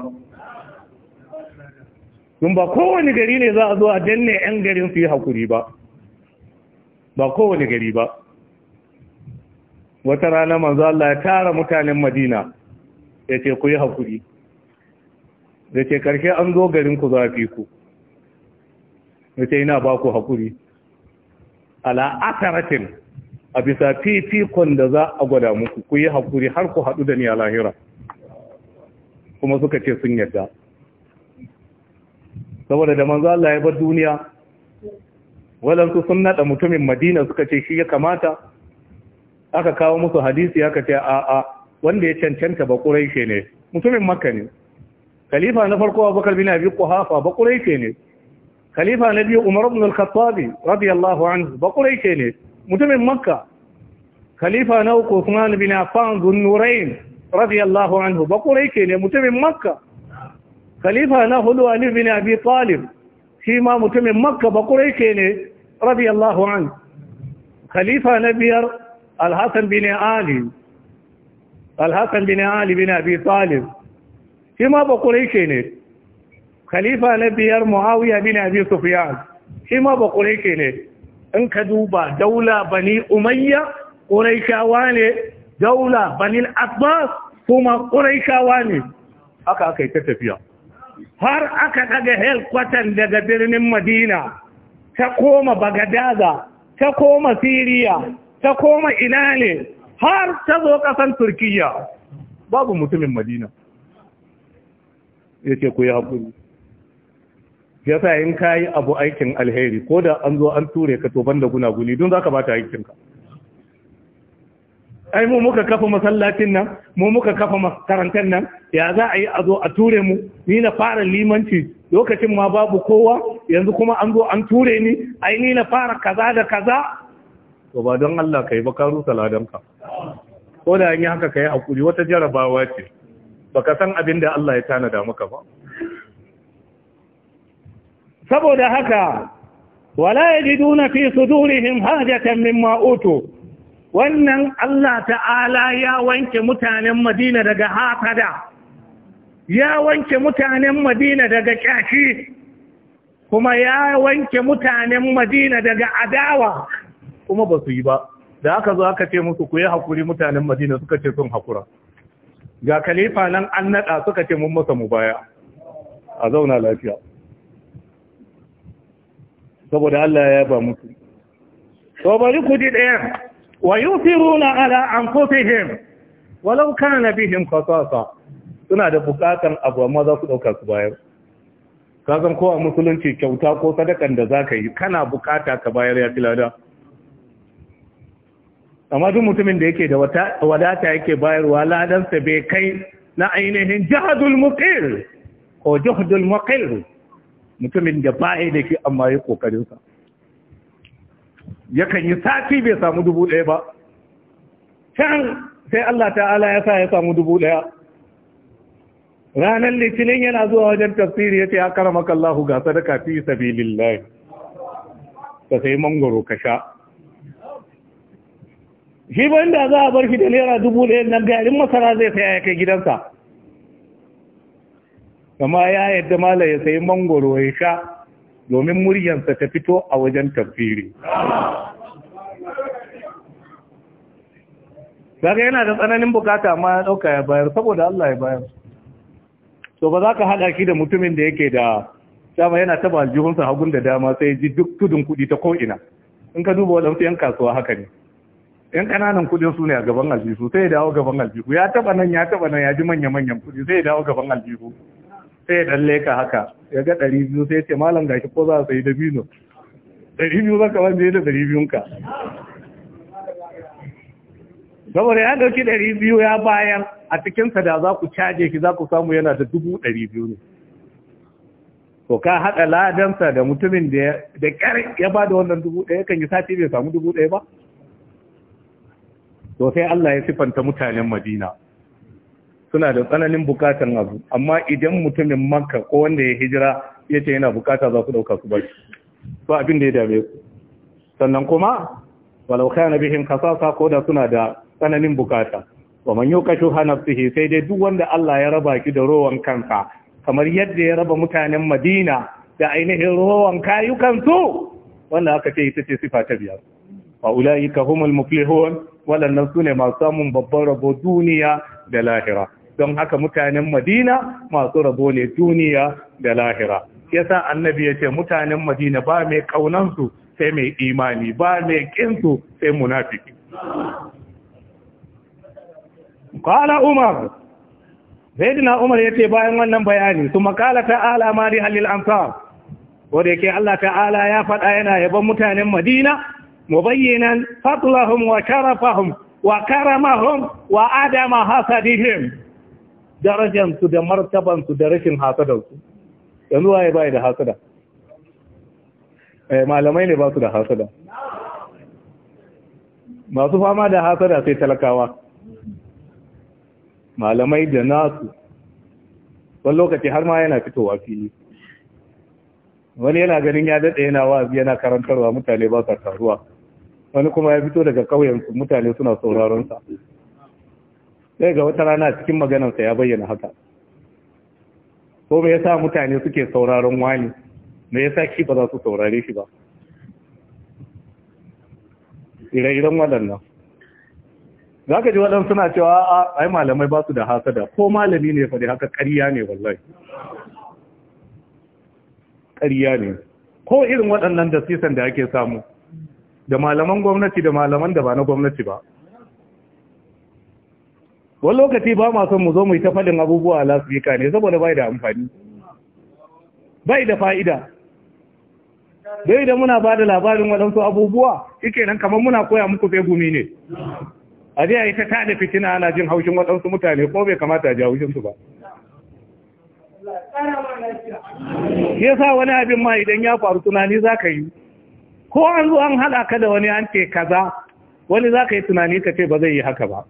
sun ba kowane gari ne za a zo a danne 'yan garin su yi haƙuri ba ba kowane gari ba wata rana manzo ya tara mutanen Madina ya ce ku yi hakuri da ce karshe an zo garin ku zafi ku ya ce ina ba ku hakuri ala a bisa fifikon da za a gwada muku ku yi hakuri har ku haɗu da ni a lahira kuma suka ce sun yadda saboda da manzo ya bar duniya walansu sun naɗa mutumin madina suka ce shi ya kamata aka kawo musu hadisi aka ce a'a wanda ya cancanta ba quraishi ne mutumin makka ne khalifa na farko abubakar bin abi quhafa ba quraishi ne khalifa na biyu umar ibn al-khattab radiyallahu anhu ba quraishi ne mutumin makka khalifa na uku usman bin affan zunnurain radiyallahu anhu ba quraishi ne mutumin makka khalifa na hudu ali bin abi talib shi ma mutumin makka ba quraishi ne radiyallahu anhu khalifa na biyar الحسن بن علي الحسن بن علي بن ابي طالب فيما بقريشين يعني؟ خليفة نبي معاوية بن ابي سفيان فيما بقريشين يعني؟ ان كدوبا دولة بني امية قريشة واني دولة بني الاطباس ثم قريشة واني اكا اكا يتتفيا هر اكا قد هل قتن لقدرن مدينة تقوم بغدادة تقوم سيريا ta koma ina ne har ta zo ƙasan turkiya babu mutumin madina ya ce ku yi haƙuri ya sa in ka yi abu aikin alheri ko da an zo an ture ka toban da gunaguni don za ka ba ta aikinka ai mu muka kafa masallacin nan mu muka kafa makarantar nan ya za a yi a zo a ture mu ni na fara limanci lokacin ma babu kowa yanzu kuma an zo an ture ni ai ni na fara kaza da kaza to ba don Allah kai ba ka rusa ladanka ko da yin yi haka kai hakuri wata jarabawa ce baka san abin da Allah ya tanada maka ba saboda haka wala yajiduna fi sudurihim hajatan mimma utu wannan Allah ta'ala ya wanke mutanen Madina daga hakada ya wanke mutanen Madina daga kyashi kuma ya wanke mutanen Madina daga adawa kuma ba su yi ba da aka zo aka ce musu ku yi hakuri mutanen madina suka ce sun hakura ga khalifa nan an nada suka ce mun masa mu baya a zauna lafiya saboda Allah ya ba musu to bari ku ji ɗaya wa na ala him walau kana bihim khasasa suna da bukatan abu amma za su ɗauka su bayar ka san ko musulunci kyauta ko sadakan da za ka yi kana bukata ka bayar ya lada. amma duk mutumin da yake da wadata yake bayarwa ladansa bai kai na ainihin jihadul muqir ko jihadul muqir mutumin da da shi amma ya kokarin sa yakan yi sati bai samu dubu ɗaya ba can sai Allah ta'ala ya sa ya samu dubu ɗaya ranar litinin yana zuwa wajen tafsiri ya ce ya ga sadaka fi sabilillah ka sai mangoro ka sha shi ban da za a bar shi da naira dubu ɗaya nan garin masara zai saya ya kai gidansa kama ya yadda mala ya sayi mangoro ya sha domin muryansa ta fito a wajen tafiri Daga yana da tsananin bukata amma ya ɗauka ya bayar saboda Allah ya bayar. So ba za ka haɗa shi da mutumin da yake da dama yana taba aljihunsa hagun da dama sai ji duk tudun kuɗi ta ko'ina. In ka duba waɗansu ‘yan kasuwa haka ne. yan kananan kudin su ne a gaban aljihu sai ya dawo gaban aljihu ya taba nan ya taba nan ya ji manya manyan kudi sai ya dawo gaban aljihu sai ya dan leka haka ya ga ɗari biyu sai ya ce malam gashi ko za a sayi dabino ɗari biyu zaka wanda ya da ɗari biyun ka saboda ya ɗauki ɗari biyu ya bayan a cikinsa da za ku caje ki za ku samu yana da dubu ɗari biyu ne to ka haɗa ladansa da mutumin da ya ƙyar ya ba da wannan dubu ɗaya kan yi sati bai samu dubu ɗaya ba to sai Allah ya sifanta mutanen Madina suna da tsananin bukatan abu amma idan mutumin Makka ko wanda ya hijira yace yana bukata za su dauka su bari ba abin da ya dame su sannan kuma walau kana bihim kasasa ko da suna da tsananin bukata wa man yuqashu hanafsihi sai dai duk wanda Allah ya raba ki da rowan kanka kamar yadda ya raba mutanen Madina da ainihin rowan kayukan su, wannan aka ce ita ce sifa ta biyar wa ulaika humul muflihun waɗannan su ne masu samun babban rabo duniya da lahira don haka mutanen madina masu rabo ne duniya da lahira yasa annabi ya ce mutanen madina ba mai ƙaunansu sai mai imani ba mai ƙinsu sai munafiki kala umar zaidina umar ya ce bayan wannan bayani su makala ta'ala mari halil ansar wadda yake Allah ta'ala ya faɗa yana yaban mutanen madina مبينا فضلهم وشرفهم وكرمهم وعدم حسدهم darajansu da martabansu da rashin hasadarsu yanzu waye da hasada malamai ne ba su da hasada masu fama da hasada sai talakawa malamai da nasu wani lokaci har ma yana fitowa fili wani yana ganin ya daɗe yana wa yana karantarwa mutane ba sa taruwa wani kuma ya fito daga ƙauyensu mutane suna sauraronsa sai ga wata rana cikin maganarsa ya bayyana haka ko me yasa mutane suke sauraron wani me yasa shi ba za su saurare shi ba ire-iren waɗannan za ka ji waɗansu suna cewa a ai malamai ba su da hasada ko malami ne fa da haka ƙarya ne wallahi ƙarya ne ko irin waɗannan da sisan da ake samu da malaman gwamnati da malaman da ba na gwamnati ba wani lokaci ba ma son mu zo mu yi ta faɗin abubuwa a lasbika ne saboda bai da amfani bai da fa'ida bai da muna ba da labarin waɗansu abubuwa ike nan kamar muna koya muku sai gumi ne a zai yi ta tada fitina ana jin haushin waɗansu mutane ko bai kamata a ji haushinsu ba ya sa wani abin ma idan ya faru tunani za ka yi ko an zo an haɗa ka da wani an ce kaza wani za ka yi tunani ka ce ba zai yi haka ba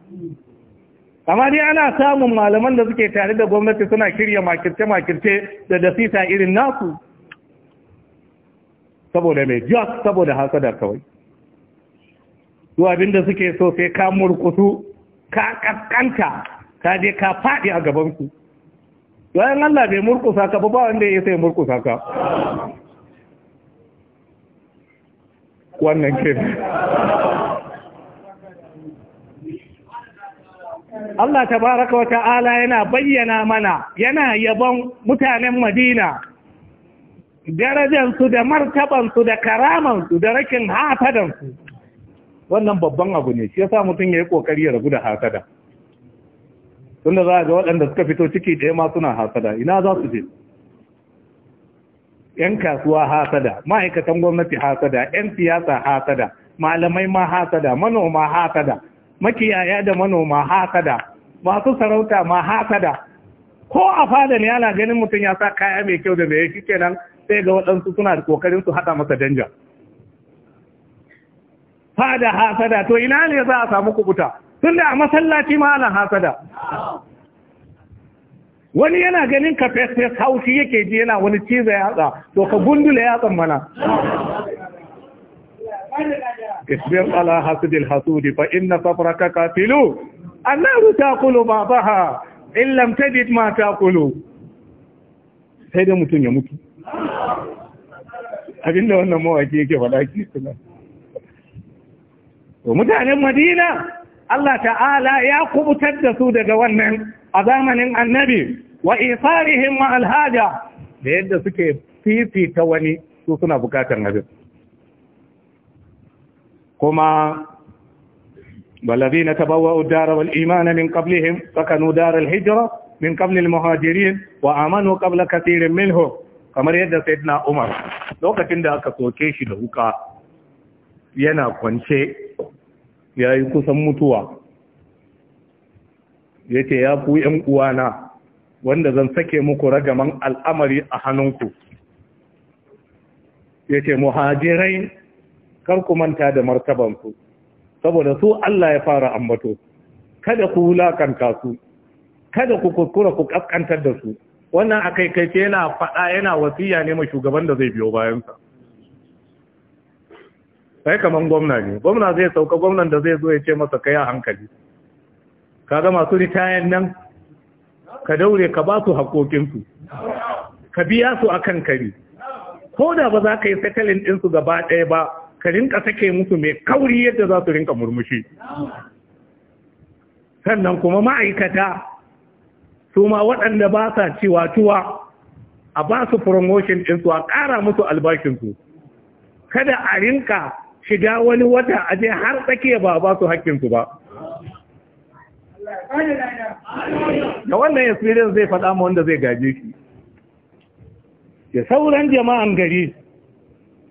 amma dai ana samun malaman da suke tare da gwamnati suna kirya makirce-makirce da dasita irin nasu saboda mai jos saboda hasadar kawai su abinda suke so sai ka murkusu ka kaskanta ka je ka faɗi a gabansu bayan Allah bai murkusa ka ba wanda ya sai murkusa ka wannan kenan Allah tabaraka wa ta'ala yana bayyana mana yana yabon mutanen Madina darajansu da martabansu da karamansu da rakin hasadansu wannan babban abu ne shi ya sa mutum ya yi kokari ya ragu da hasada tunda za a ga waɗanda suka fito ciki ɗaya ma suna hasada ina za su je 'yan kasuwa hasada ma'aikatan gwamnati hasada 'yan siyasa hasada malamai ma hasada manoma hasada makiyaya da manoma hasada masu sarauta ma hasada ko a fada ne yana ganin mutum ya sa kaya mai kyau da mai shi kenan sai ga waɗansu suna da kokarin su haɗa masa danja fada hasada to ina ne za a samu kubuta tunda a masallaci ma ana hasada wani yana ganin ka fesfes haushi yake ji yana wani cizo yatsa to ka gundula yatsan mana isbir ala hasidil hasudi fa inna safraka qatilu annaru taqulu ba'daha in lam tajid ma taqulu sai da mutum ya mutu abinda wannan mawaki yake faɗa ki suna to mutanen Madina Allah ta'ala ya kubutar da su daga wannan a zamanin annabi wa isarihim wa alhaja da yadda suke fifita wani su suna bukatar abin kuma والذين تبوأوا الدار والإيمان من قبلهم hijra min الهجرة al muhajirin wa Amanu qabla kathirin minhum kamar yadda sayyidina Umar lokacin da aka soke shi da wuka yana kwance yayi kusan mutuwa yace ya ku yan uwana wanda zan sake muku ragaman al'amari a hannunku ya ce muhajirai kar ku manta da martabansu saboda su Allah ya fara ambato kada ku wulakanta su kada ku kuskura ku kaskantar da su wannan a kai kai yana faɗa yana wasiya ne mai shugaban da zai biyo bayansa sai kamar gwamna ne gwamna zai sauka gwamnan da zai zo ya ce masa kai a hankali kaga masu ritayan nan ka daure ka ba su haƙoƙinsu ka biya su akan kari ko da ba za ka yi sakalin ɗinsu gaba ɗaya ba ka rinka sake musu mai kauri yadda za su rinka murmushi sannan kuma ma'aikata su ma waɗanda ba sa cewa tuwa a ba su promotion ɗinsu a ƙara musu albashinsu kada a rinka shiga wani wata aje har tsakiya ba ba su haƙƙinsu ba da wannan experience zai faɗa ma wanda zai gaje shi da sauran jama'an gari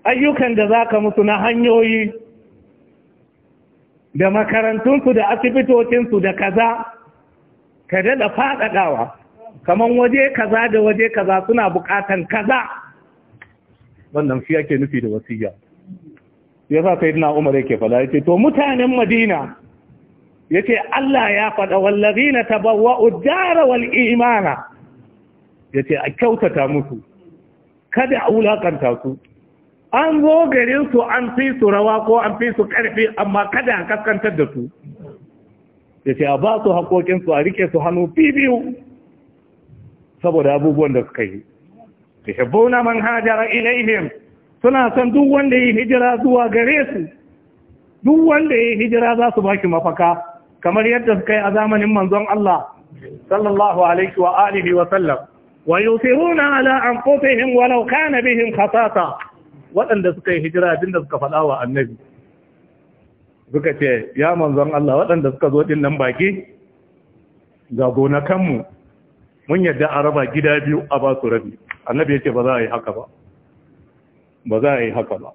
ayyukan da za ka musu na hanyoyi da makarantunsu da asibitocinsu da kaza ka daɗa faɗaɗawa kaman waje kaza da waje kaza suna buƙatan kaza wannan shi ake nufi da wasiya ya sa sai dina umar yake fada ya ce to mutanen madina yace Allah ya faɗa wallazina tabawwa'u ad-dara wal imana yace a kyautata musu kada a wulakanta su an zo garin su an fi su rawa ko an fi su karfi amma kada a kaskantar da su yace a ba su haƙoƙin a rike su hannu bibiyu saboda abubuwan da suka yi tuhibbuna man hajara ilaihim suna son duk wanda yi hijira zuwa gare su duk wanda ya hijira za su baki mafaka kamar yadda suka yi a zamanin manzon Allah sallallahu alaihi wa alihi wa sallam wa yusiruna ala anfusihim walau kana bihim khasasa waɗanda suka yi hijira abinda suka faɗa wa annabi suka ce ya manzon Allah waɗanda suka zo din nan baki ga mu mun yadda a raba gida biyu a ba su rabi annabi ya ce ba za a yi haka ba ba za a yi haka ba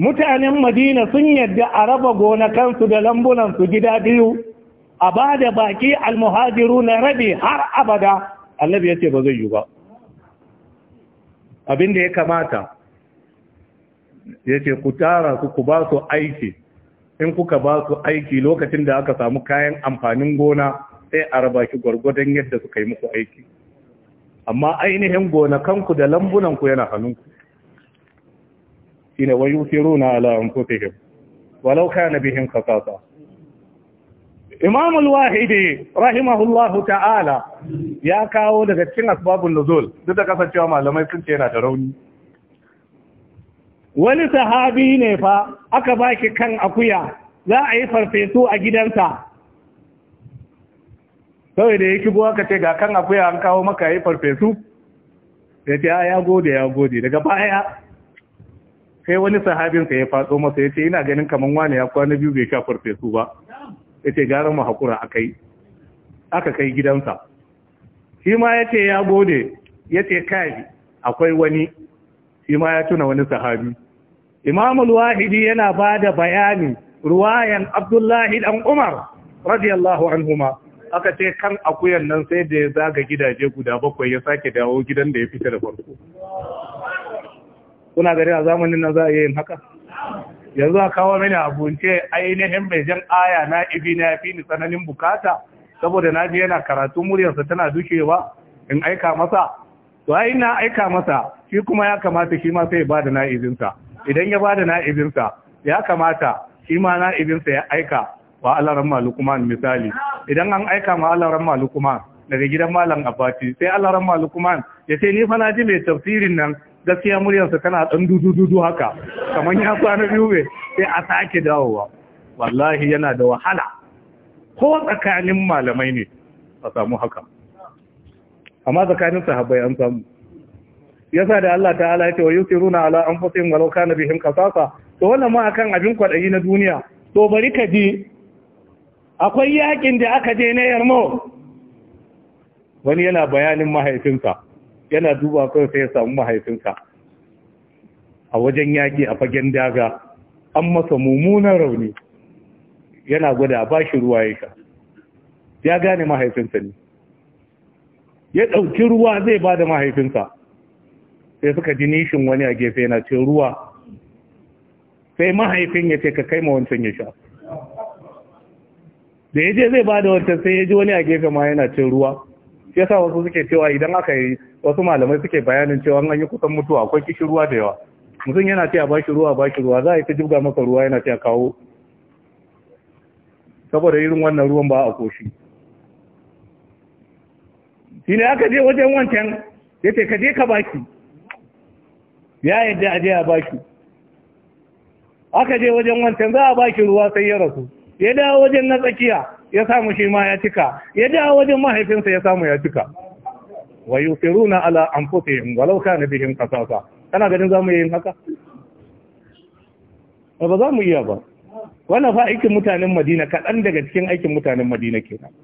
mutanen madina sun yadda a raba gonakansu da lambunansu gida biyu a ba da baki almuhajiru na rabi har abada annabi ya ce ba zai yi ba abin ya kamata ya ce ku tara su ku ba su aiki in kuka ba su aiki lokacin da aka samu kayan amfanin gona sai a raba shi gwargwadon yadda suka yi muku aiki amma ainihin gonakanku da lambunanku yana hannunku shine wa yusiruna ala anfusihim walau kana bihim khasasa Imam al-Wahidi rahimahullahu ta'ala ya kawo daga cikin asbabun nuzul duk da kasancewa malamai sun ce yana da rauni wani sahabi ne fa aka baki kan akuya za a yi farfesu a gidansa kawai da ya shigo aka ce ga kan akuya an kawo maka yi farfesu da ta ya gode ya gode daga baya sai wani sahabinsa ya faɗo masa ya ce ina ganin kamar wani ya kwana biyu bai sha farfesu ba ya ce gara mu haƙura aka kai gidansa shi ma ya ce ya gode ya ce kai akwai wani shi ma ya tuna wani sahabi imamul wahidi yana ba da bayani ruwayan abdullahi dan umar radiyallahu anhuma aka ce kan akuyan nan sai da ya zaga gidaje guda bakwai ya sake dawo gidan da ya fita da farko kuna gari a zamanin na za a yin haka yanzu a kawo mini abunce ainihin mai jan aya na ibi na yafi ni tsananin bukata saboda na ji yana karatu muryarsa tana dushewa in aika masa to ai na aika masa shi kuma ya kamata shi ma sai ya bada na izinsa idan ya bada na izinsa ya kamata shi ma na izinsa ya aika wa alaran malukuman misali idan an aika ma alaran malukuman daga gidan malam abati sai alaran malukuman ya ce ni fa na ji mai tafsirin nan gaskiya muryarsa tana ɗan dudu haka kamar ya kwana biyu ne sai a sake dawowa wallahi yana da wahala ko tsakanin malamai ne a samu haka amma tsakanin sahabbai an samu yasa da Allah ta'ala ya ce wa yusiruna ala anfusihim walau kana bihim qasasa to wannan ma akan abin kwaɗayi na duniya to bari ka ji akwai yakin da aka je na yarmo wani yana bayanin mahaifinsa yana duba kawai sai ya samu mahaifinsa a wajen yaƙi a fagen daga an masa mummunan rauni yana gwada ba shi ruwa ya sha ya gane mahaifinsa ne ya ɗauki ruwa zai ba da mahaifinsa sai suka ji nishin wani a gefe yana ce ruwa sai mahaifin ya ce ka kai ma wancan ya sha da ya je zai ba da wancan sai ya ji wani a gefe ma yana ce ruwa ya sa wasu suke cewa idan aka yi wasu malamai suke bayanin cewa an yi kusan mutuwa akwai kishi ruwa da yawa mutum yana cewa ba bashi ruwa shi ruwa za a yi ta jibga masa ruwa yana cewa kawo saboda irin wannan ruwan ba a koshi shi ne aka je wajen wancan ya ce ka je ka baki ya yadda a je a baki aka je wajen wancan za a baki ruwa sai ya rasu ya dawo wajen na tsakiya ya samu shi ma ya cika ya dawo wajen mahaifinsa ya samu ya cika wa yusiruna ala anfusihim walau na bihim qasasa kana ganin zamu yin haka ba za mu iya ba wannan fa aikin mutanen Madina kaɗan daga cikin aikin mutanen Madina kenan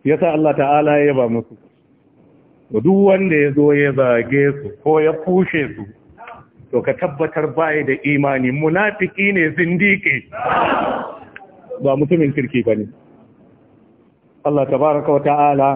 yasa Allah ta'ala ya ba musu duk wanda ya zo ya zage su ko ya kushe su to ka tabbatar baya da imani munafiki ne zindiki ba mutumin kirki bane Allah tabaraka wa ta'ala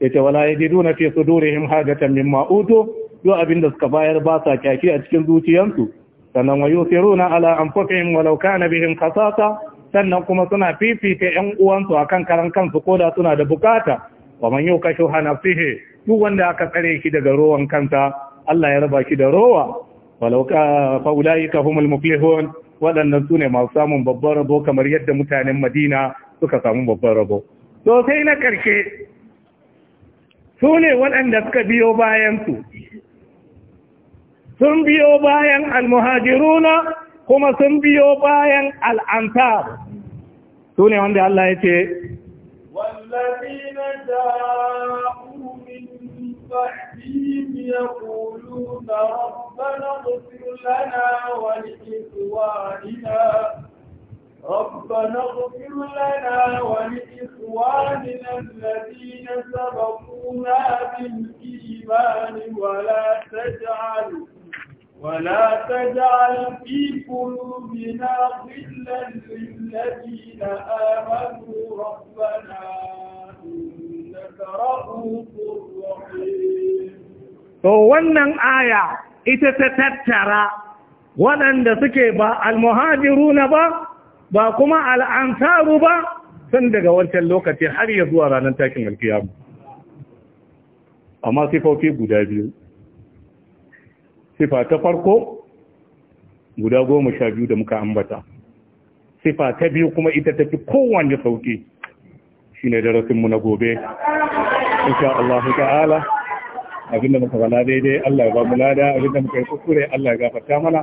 yace wala yajiduna fi sudurihim hajatan mimma utu yo abinda suka bayar ba sa kyaki a cikin zuciyansu sannan wa yusiruna ala anfusihim walau kana bihim khasasa sannan kuma suna fifita 'yan uwansu akan karan kansu koda suna da bukata wa man yukashu hanafihi duk wanda aka tsare shi daga rowan kanta Allah ya raba shi da rowa walau ka fa ulaika humul muflihun waɗannan su ne masu samun babban rabo kamar yadda mutanen Madina suka samu babban rabo to sai na karshe su ne waɗanda suka biyo bayansu sun biyo bayan almuhajiruna kuma sun biyo bayan al'antar su ne wanda Allah ya ce والذين جاءوا من بعدهم na ربنا اغفر لنا ولإخواننا الذين سبقونا بالإيمان ولا تجعل ولا تجعل في قلوبنا غلا للذين آمنوا ربنا إنك رؤوف رحيم To wannan aya ita ta tattara waɗanda suke ba almuhajiruna ba ba kuma al'ansaru ba san daga wancan lokaci har ya zuwa ranar takin alkiyamu amma sifofi guda biyu sifa ta farko guda goma sha biyu da muka ambata sifa ta biyu kuma ita ta fi kowanne sauki shi ne darasinmu na gobe insha Allah ta'ala abinda muka bala daidai Allah ya ba mu lada abinda muka yi kuskure Allah ya gafarta mana